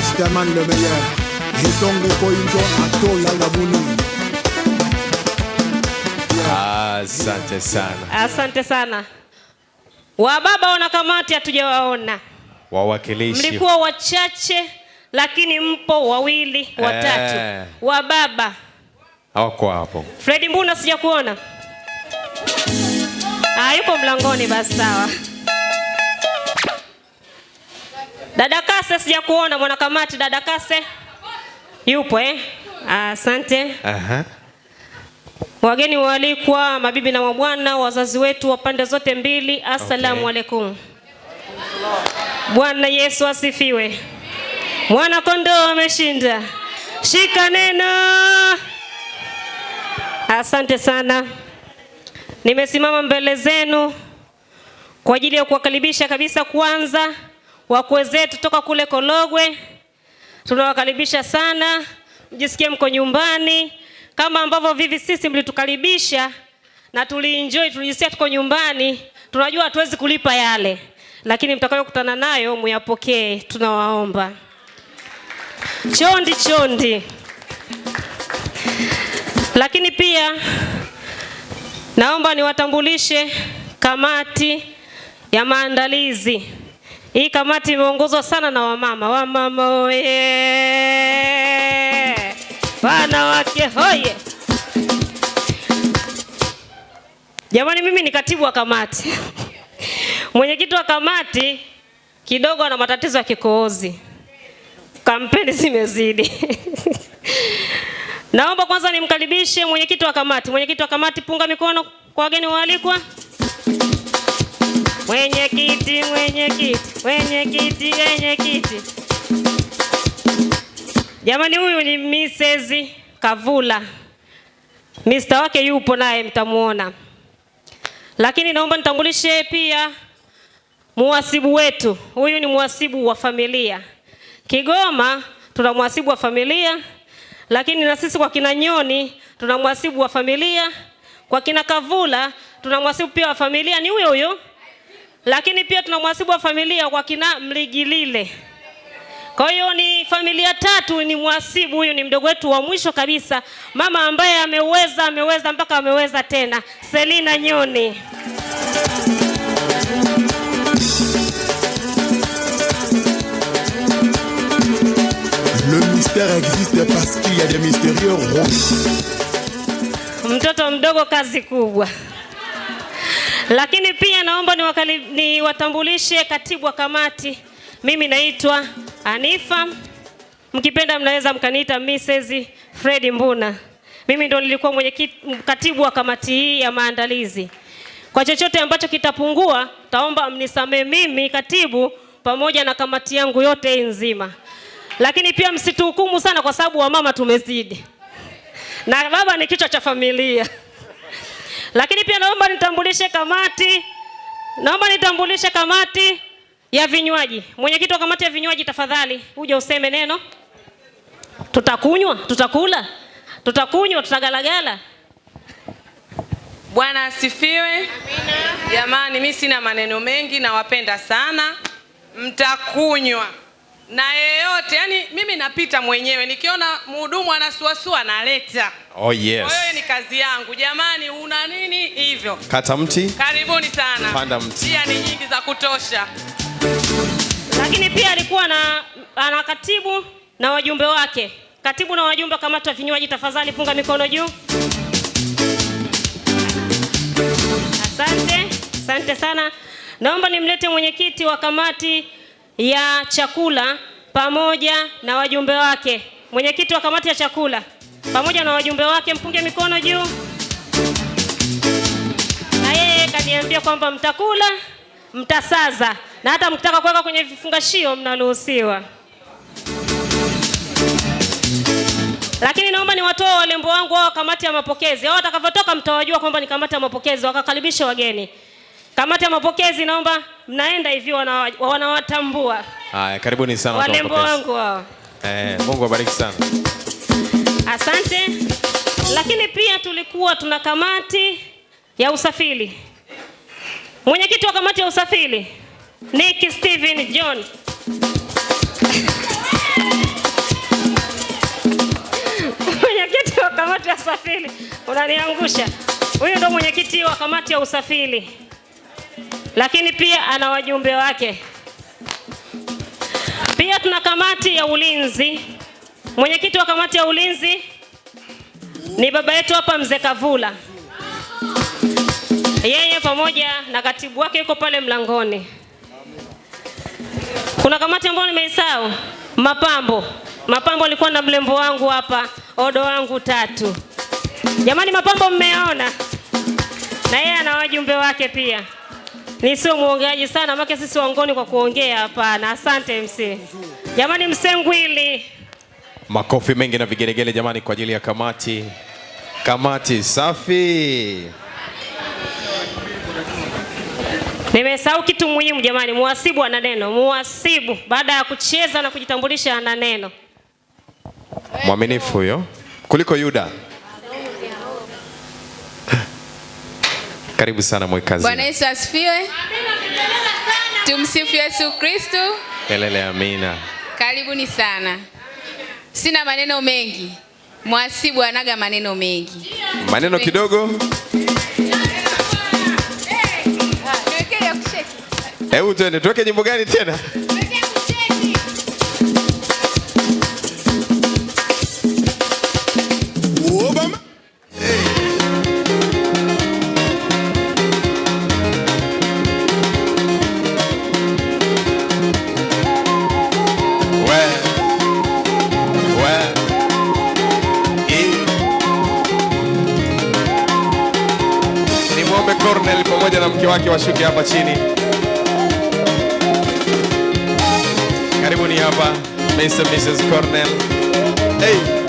Justement le meilleur Asante sana, asante sana. Wababa wana kamati hatujawaona, wawakilishi mlikuwa wachache, lakini mpo wawili watatu. Eh. Wababa hawako hapo. Fredi, sija sijakuona? Ah, Yuko mlangoni, basi sawa. Dada Kase, mwana mwanakamati. Dada Kase yupo eh? Asante. Aha. Wageni waalikwa, mabibi na mabwana, wazazi wetu wa pande zote mbili, assalamu alaikum. Bwana Yesu asifiwe. Mwana kondoo ameshinda. Shika neno. Asante sana. Nimesimama mbele zenu kwa ajili ya kuwakaribisha kabisa. Kwanza wakwe zetu toka kule kologwe tunawakaribisha sana, mjisikie mko nyumbani, kama ambavyo vivi sisi mlitukaribisha na tulienjoy, tulijisikia tuko nyumbani. Tunajua hatuwezi kulipa yale, lakini mtakayokutana nayo muyapokee, tunawaomba. Chondi chondi, lakini pia Naomba niwatambulishe kamati ya maandalizi. Hii kamati imeongozwa sana na wamama. Wamama oye! Wanawake hoye! Jamani, mimi ni katibu wa kamati. Mwenyekiti wa kamati kidogo ana matatizo ya kikoozi, kampeni zimezidi Naomba kwanza nimkaribishe mwenyekiti wa kamati. Mwenyekiti wa kamati, punga mikono kwa wageni waalikwa. Mwenyekiti, mwenyekiti, mwenyekiti, mwenyekiti. Jamani, huyu ni Mrs. Kavula, Mr. wake yupo naye, mtamuona. Lakini naomba nitambulishe pia muhasibu wetu. Huyu ni muhasibu wa familia Kigoma, tuna muhasibu wa familia lakini na sisi kwa kina Nyoni tuna mhasibu wa familia, kwa kina Kavula tuna mwasibu pia wa familia ni huyo huyo, lakini pia tuna mhasibu wa familia kwa kina Mligilile. Kwa hiyo ni familia tatu, ni mwasibu huyu, ni mdogo wetu wa mwisho kabisa, mama ambaye ameweza ameweza mpaka ameweza tena, Selina Nyoni. mystère existe parce qu'il y a des mystérieux rouges. Mtoto mdogo kazi kubwa. Lakini pia naomba niwatambulishe ni katibu wa kamati. Mimi naitwa Anifa, mkipenda mnaweza mkaniita Mrs. Fredi Mbuna. Mimi ndo nilikuwa mwenyekiti katibu wa kamati hii ya maandalizi. Kwa chochote ambacho kitapungua, taomba mnisamee mimi katibu pamoja na kamati yangu yote nzima. Lakini pia msituhukumu sana, kwa sababu wamama tumezidi na baba ni kichwa cha familia. Lakini pia naomba nitambulishe kamati, naomba nitambulishe kamati ya vinywaji. Mwenyekiti wa kamati ya vinywaji, tafadhali uje useme neno. Tutakunywa, tutakula, tutakunywa, tutagalagala. Bwana asifiwe. Amina. Jamani, mimi sina maneno mengi, nawapenda sana. Mtakunywa na yeyote. Yani mimi napita mwenyewe, nikiona mhudumu anasuasua naleta. Oh yes. Kwa hiyo ni kazi yangu. Jamani, una nini hivyo? Kata mti. Karibuni sana. Panda mti. Pia ni nyingi za kutosha, lakini pia alikuwa na, ana katibu na wajumbe wake. Katibu na wajumbe wa kamati vinywaji, tafadhali punga mikono juu. Asante, asante sana. Naomba nimlete mwenyekiti wa kamati ya chakula pamoja na wajumbe wake, mwenyekiti wa kamati ya chakula pamoja na wajumbe wake, mpunge mikono juu. Na yeye kaniambia kwamba mtakula, mtasaza na hata mkitaka kuweka kwenye vifungashio mnaruhusiwa. Lakini naomba niwatoe walembo wangu wa kamati ya mapokezi, hao watakavyotoka mtawajua kwamba ni kamati ya mapokezi, wakakaribisha wageni. Kamati ya mapokezi naomba mnaenda hivi wanawatambua. Haya, karibuni sana walembo wangu hao. Eh, Mungu awabariki sana. Asante. Lakini pia tulikuwa tuna kamati ya usafiri. Mwenyekiti wa kamati ya usafiri Nick Steven John. Mwenyekiti wa kamati ya usafiri unaniangusha. Huyu ndo mwenyekiti wa kamati ya usafiri lakini pia ana wajumbe wake. Pia tuna kamati ya ulinzi. Mwenyekiti wa kamati ya ulinzi ni baba yetu hapa Mzee Kavula, yeye pamoja na katibu wake yuko pale mlangoni. Kuna kamati ambayo nimeisahau, mapambo. Mapambo alikuwa na mlembo wangu hapa, odo wangu tatu. Jamani, mapambo mmeona, na yeye ana wajumbe wake pia. Ni sio muongeaji sana maana sisi waongoni kwa kuongea hapana. Asante MC. Jamani Msengwili. Makofi mengi na vigelegele jamani kwa ajili ya kamati. Kamati safi. Nimesahau kitu muhimu jamani, muhasibu ana neno. Muhasibu baada ya kucheza na kujitambulisha ana neno. Mwaminifu huyo kuliko Yuda. Karibu sana mwekazi. Bwana Yesu asifiwe. Tumsifu Yesu Kristo. Kelele amina. Karibuni sana. Sina maneno mengi. Mwasibu anaga maneno mengi. Maneno kidogo. Hebu twende tuweke nyimbo gani tena? Tuombe Cornel pamoja na mke wake washuke hapa chini. Karibuni hapa Mr. Mrs. Cornel. Hey.